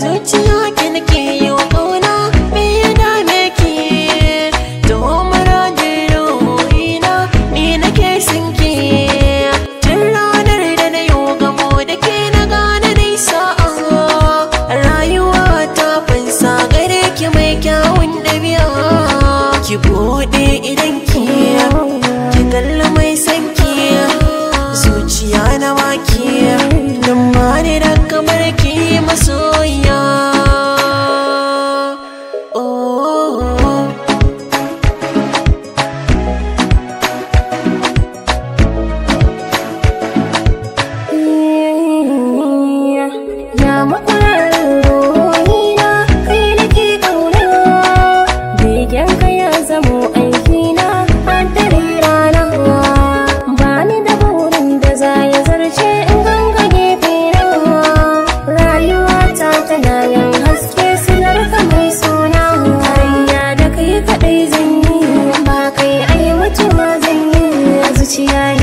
zuciya ki nake yi wa ƙauna me ya dame ki to muradin ruhina ni nake son tun ranar da na yi gamo da ke na gane dai sa'a rayuwa ta fansa gare ki mai kyawun ɗabi'a ki buɗe idan ki ki mai son zuciya na maki 亲爱